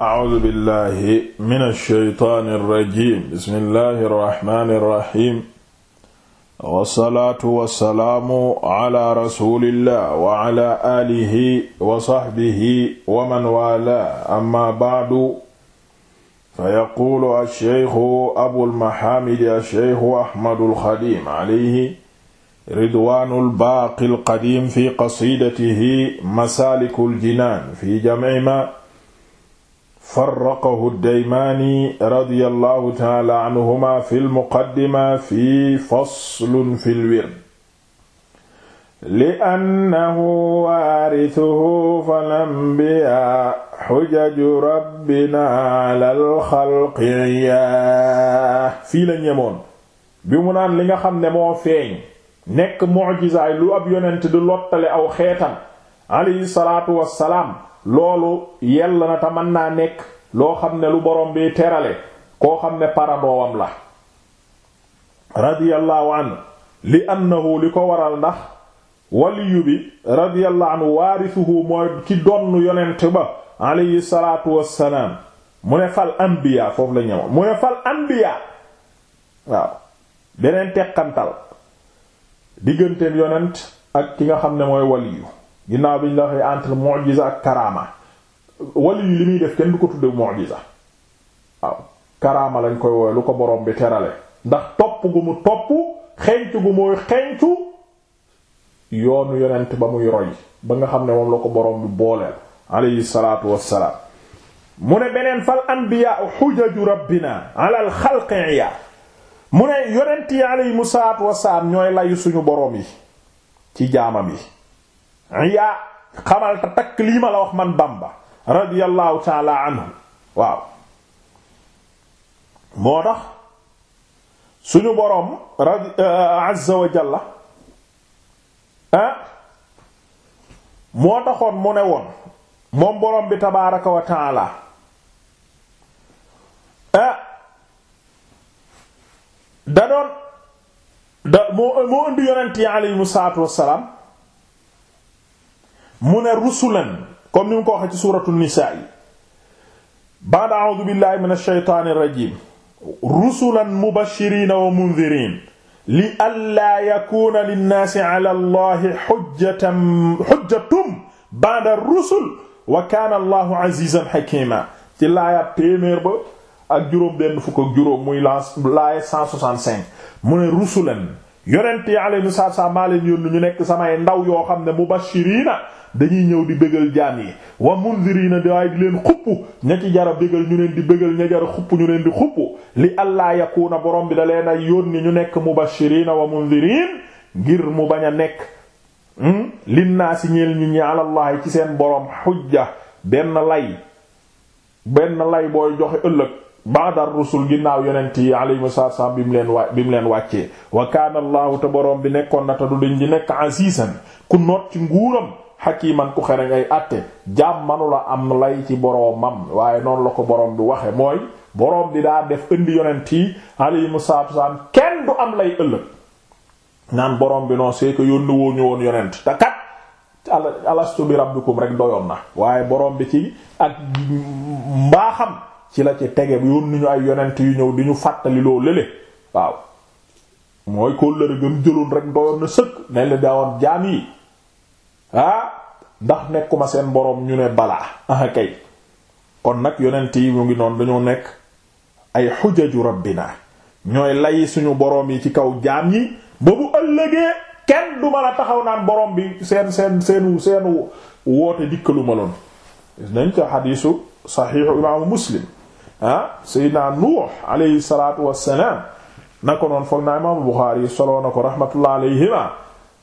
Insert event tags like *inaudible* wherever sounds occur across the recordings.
A'uuzu billaahi mina shaytaani rajiim bismillaahi rahmaani rahiim. wasalaatu wasalaamu ala rasuulillah wa ala aalihi wa saxbihi wa man waalaahu amma ba'du. fayaquulu ash-shaykhu abul mahaamidi ash-shaykhu Ahmadul Xadiim alayhi ridwaanul baaqil qadiim fi qasiidatihi masaalikul jinaan fi jam'i maa farraqahu daymaani radiyallahu taala anhuma fi lmuqaddima fi faslun fi lwird liannahu waarisuhu falambiya xujaju rabbina alal xalqi ya fii la ñemoon bi mu naan li nga xam ne moo feeñ nekk mucjisaay lu ab yonent di lottale aw xeetam alayhi salaatu wassalaam loolu yell na te mën naa nekk loo xam ne lu borom bi terale koo xam ne paradoowam la radiyallahu anhu li annahu li ko waral ndax waliyu bi radiyallahu anhu waarisuhu mooy ki donn yonent ba alayhi salaatu wassalaam mu ne fal anbiya foofu la ñëw mu ne fal anbiya waaw beneen teqantal digganteen yonent ak ki nga xam ne mooy waliyu ginnaaw bi ñu la waxee entre mu'jiza ak karama wali yi li muy def kenn du ko tudde mu'jiza waaw karama lañ koy woowe lu ko boroom bi terale ndax topp gu mu topp xencu gu mooy xencu yoonu yonent ba muy roy ba nga xam ne moom la ko boroom bi booleel alayhi salaatu wassalaam mu ne beneen fal anbiyaa xujaju rabbina ala al ya mu ne yonent yi alayhimu salaatu wassalaam ñooy layu suñu boroom yi ci jaamam yi yaa xamal takk lii ma la wax man Bamba radiyallahu taala anhu waaw moo tax suñu boroom radi eh, azza wa jalla ah moo taxoon mu ne woon moom boroom bi tabaaraka wa taala ah da da moo moo indi yonent yi aleyhimu salaatu wassalaam mu ne rusulan comme ni mu ko waxee ci suuratu nisaa yi ba'da a'uudu billaahi minash shaytaanir rajiim rusulan mubashiriina wa mundiriin li allaa yakuuna linnaasi ala allahi hujjatan hujjatun ba'da rusul wa kaana allahu aziizan hakiima ci laaya téeméer ba ak juróom benn fukk ak juróom muy laaya 165 mu ne rusulan yonent yi alayhi salaatu salaam leen yónni ñu nekk samay ndaw yoo xam ne mubashiriina dañuy ñëw di bëggal jaam yi wa munziriina daay di leen xupp ña ci jara bégal ñu leen di bégal ña jara xupp ñu leen di xupp li allah borom bi da leen a yónni ñu nekk mubashiriina wa munziriin ngir mu bañ a nekk hmm, linnaasi ñeel ñu ñi alallahi ci seen borom xujja benn lay benn lay booy joxe ëllëg baadar rusul ginnaaw yonent yi alayhimu bi mu leen wa bi mu leen wàccee wa kaana te boroom bi nekkoon na te du diñ di nekk asiisan ku noot ci nguuram xakiman ku xere ngay àtte jaam manula am lay ci boroomam waaye noonu la ko boroom bi waxe mooy boroom di daa def indi yonent yi alayhimu salaam kenn du am lay ëllëg naan boroom bi non c'est que yónni woo ñu woon yonent te kat alastu bi rabbikum rek doyoon na waaye boroom bi ci ak mbaaxam ci la ci tege yónni ñu ay yonent yu ñëw di ñu fàttali loo lële waaw mooy kóllëre gëm jëloon rek doyoon na sëkk ne la daawoon jaam yi ah. ndax nekkuma seen boroom ñu ne balaa ah kon nag yonent yi mu ngi noonu dañoo nekk ay xujaju rabbina ñooy lay suñu boroom yi ci kaw jaam yi ba bu ëllëgee kenn duma la taxaw naan boroom bi seen seen seen seenu woote dikkalu ma loon nañ ca xadiisu saxiixu imaamu muslim ah Seydina Nuux alayhi salaatu wassalaam na ko noon foog naa imaamu Buxaari soloo na ko rahmatullah alayhima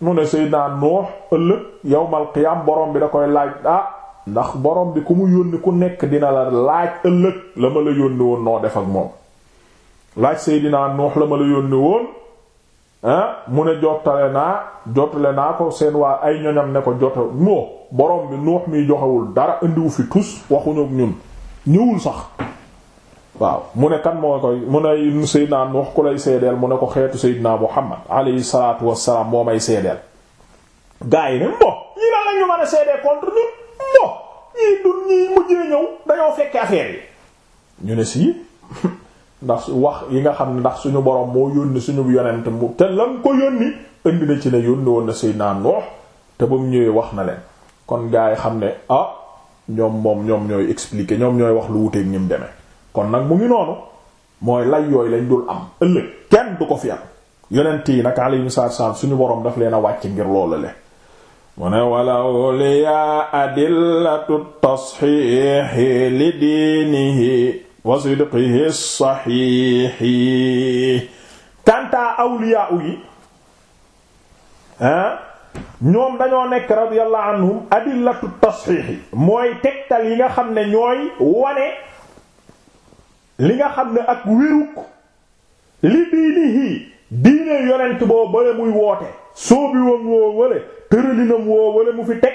mu ne Seydina Nuux ëllëg yawmal qiyaam boroom bi da koy laaj ah ndax borom bi ku mu yónni ku nekk dina la laaj ëllëg la ma la yónni woon noo def ak moom laaj Seydina Nuux la ma la yónni woon ah mu ne jottale naa jottale naa ko seen waa ay ñoñam ne ko jot moo borom bi Nuux miy joxewul dara indiwu fi tus waxuñu ak ñun ñëwul sax waaw mu ne kan moo koy mu ne Seydina Nuux ku lay seedeel mu ne ko xeetu Seydina Muhammad alayhi salaatu wassalaam moo may seedeel gaa yi ne mbo ñii naa lañu mën a seedee contre ñun mbo ñii dun ñii mujjee ñëw dañoo fekke affaire yi ñu ne sii *laughs* ndax wax yi nga xam ne ndax suñu borom moo yónni suñu yonent mu te lan ko yónni indi na ci ne yónni woon na Seydina Nuux te ba mu ñëwee wax na leen kon gaa yi xam ne ah ñoom moom ñoom ñooy expliquer ñoom ñooy wax lu wuteeg ñi mu demee kon nag mu ngi noonu mooy lay yooyu lañ dul am ëllëg kenn du ko fi am yonent yi nag alayhi salaam suñu boroom daf leen a wàcc ngir loolu le mu ne walaw liyaa adillatu tasxiixi li diinihi wa sidqihi saxiixi kantaa awliyaa yi ah ñoom dañoo nekk radiyallahu anhum adillatu tasxiixi mooy tegtal yi nga xam ne ñooy wane li nga xam ne ak wéruk li diinihi diine yonent boo bale muy woote soobi woo wale tëralinam woo wale mu fi teg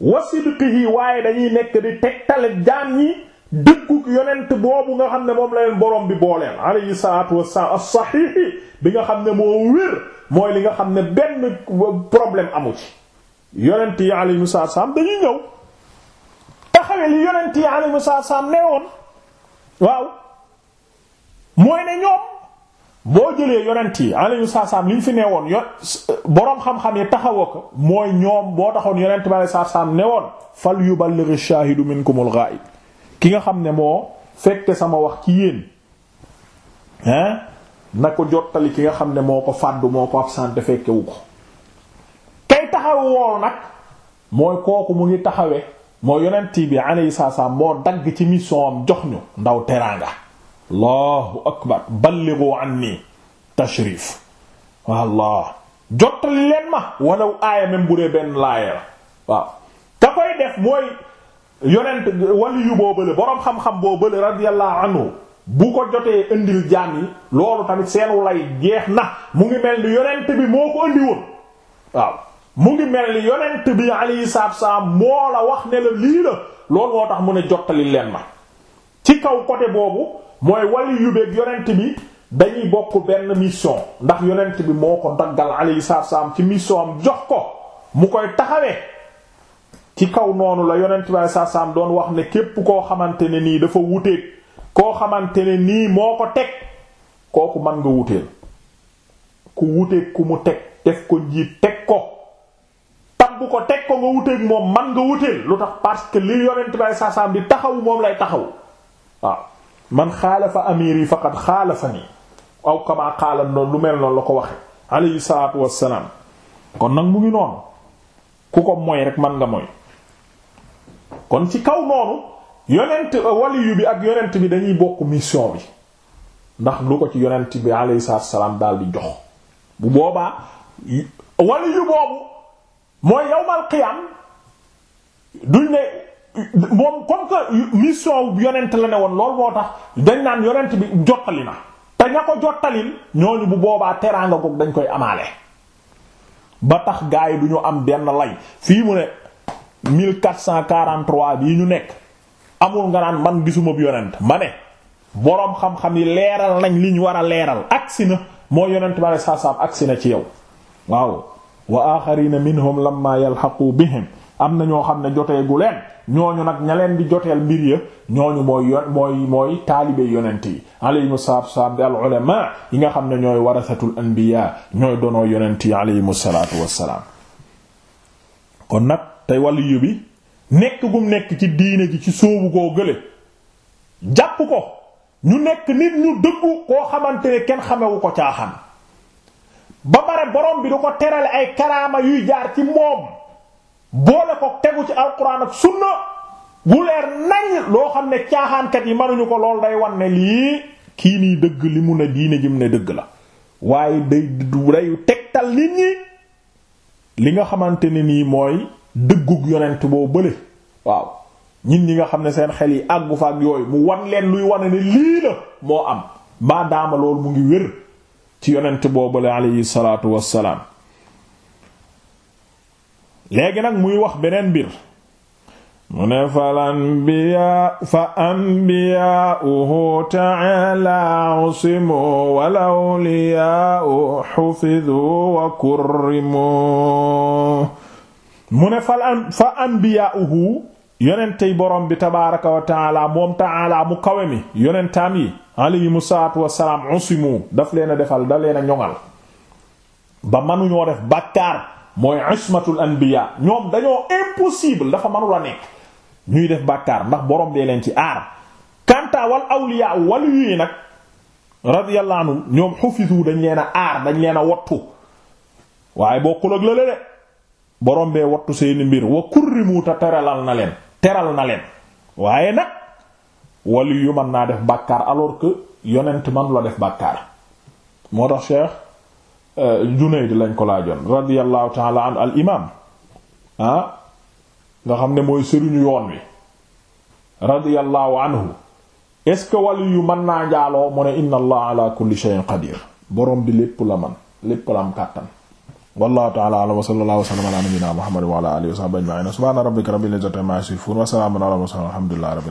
wasidqihi waaye dañuy nekk di tegtale jaan ñi dëkku yonent boobu nga xam ne moom la leen borom bi booleel alayhi salaatu wassalaam as bi nga xam ne moo wér mooy li nga xam ne benn problème amu ci yonent yi alayhi salaatu wassalaam dañuy ñëw taxawee li yonent yi alayhi salaatu wassalaam newoon waaw mooy ne ñoom boo jëlee yonent yi alayhi salaam ñu fi ne woon yo euh, boroom xam-xam yi taxawoo ko mooy ñoom boo taxoon yonent bi alayhi salaam ne woon fal yuballigh ash-shahidu minkumul ghaib ki nga xam ne moo fekk sama wax ci yéen hein na ko jottali ki nga xam ne moo ko fàddu moo ko absent fekkewu ko kay taxaw woon nag mooy kooku mu ngi taxawee moo yonent bi alayhi salaam moo dagg ci mission am jox ñu ndaw teraanga allahu akbar ballighu anni tashrif wallah jottali leen ma walaw aaya même bu benn laaya waaw te koy def mooy yonent waliyu boo bële boroom xam-xam boo bële radiyallahu anhu bu ko jotee indil jaam yi loolu tamit seenu lay jeex na mu ngi mel ni yonent bi moo ko indi woon waaw mu ngi mel ni yonent bi alayhi salaatu salaam moo la wax ne la lii la loolu moo tax mu ne jottali leen ma ci kaw côté boobu mooy wali yubeeg yonent bi dañuy bokk benn mission ndax yonent bi moo ko daggal alayhi salaatu salaam ci mission am jox ko mu koy taxawee ci kaw noonu la yonent bi alayhi salaatu salaam doon wax ne képp koo xamante ne nii dafa wuteeg koo xamante ne nii moo ko teg kooku mën nga wuteel ku wuteeg ku mu teg def ko njiit jàpp ko teg ko nga moom man nga wuteel lu tax parce que li yonent bay saasaam di taxaw moom lay taxaw waaw man xaalafa amir yi faqad xaalafa nii aw kamaa lu mel noonu la ko waxe alayhi salaatu wassalaam kon nag mu ngi noonu ku ko moy rek man nga moy kon ci kaw noonu yonent waliyu bi ak yonent bi dañuy bokk mission bi ndax lu ko ci yonent bi alayhi salaatu wassalaam daal di jox bu boobaa waliyu boobu mooy yawmal qiyam duñ ne moom comme que mission yonent la ne woon loolu moo tax dañ naan yonent bi jottali na te ña ko jottalil ñooñu bu boobaa teraanga goog dañ koy amaale ba tax gaa yi du ñu am benn lay fii mu ne 1443 bi ñu nekk amul nga naan man gisuma bu yonent ma ne boroom xam-xam yi leeral nañ liñ war a leeral agsi na moo yonent ba ne saasaam agsi na ci yow waaw wa axarina minhum lamma yalhaqu bihim am na ñoo xam ne joteegu leen ñooñu nag ñaleen bi joteel mbir ya ñooñu mooy mooy mooy taalibe yonent yi alayhimu salaatu wassalaam di al ulama yi nga xam ne ñooy warasatul anbiya ñooy donoo yonent yi alayhimu salaatu wassalaam kon nag tey waliyu bi nekk gum nekk ci diine ji ci sóobu koo gële jàpp ko ñu nekk nit ñu dëggu koo xamante ne kenn xamewu ko caaxaan ba bare borom bi du ko terale ay karaama yuy jaar ci moom boole ko tegu ci alquran ak sunna bu leer nañ loo xam ne caaxaankat yi manuñu ko lool day wan ne lii kii nii dëgg li mu ne diine jëm ne dëgg la waaye day reyu tegtal nit ñi li nga xamante ne nii mooy dëggug yonent boo bële waaw nit ñi nga xam ne seen xel yi àggu fa ak yooyu mu wan leen luy wan ne lii la moo am maadaama loolu mu ngi wér ci yonent boobale alayhi salaatu wassalaam léegi nag muy wax beneen mbir mu ne fal anbiya fa anbiyauhu ta'ala usimu wal awliyau xufidu wa borom bi tabaaraka wa ta'ala moom ta'ala mu kawe mi yonentaam alayhimu salaatu wassalaam usimu daf leen a defal da leen a ñoŋal ba mënuñoo def bàkkaar mooy ismatul anbiya ñoom dañoo impossible dafa mënul a nekk ñuy def bàkkaar ndax borom dee leen ci aar kanta wal awliya waliyu yi nag radiyallahu ñoom xufisu dañ leen a aar dañ leen a wattu waaye bokkul ak la le borom bee wattu seeni mbir wa kurrimu teralal na leen teral na leen waaye nag wali man naa def bàkkaar alors que yonent man la def bàkkaar moo tax cheikh euh, Junayd lañ ko laajoon radiyallahu taala an al imam ah, nga xam ne mooy sëriñu yoon wi radiyallahu anhu est-ce que wali yu mën naa njaaloo mu ne inna allah ala kulli shay'in qadir borom bi lépp la man lépp la am kàttan wallahu ta'ala a'lam wa sallallahu wa sallama ala nabiyyina muhammad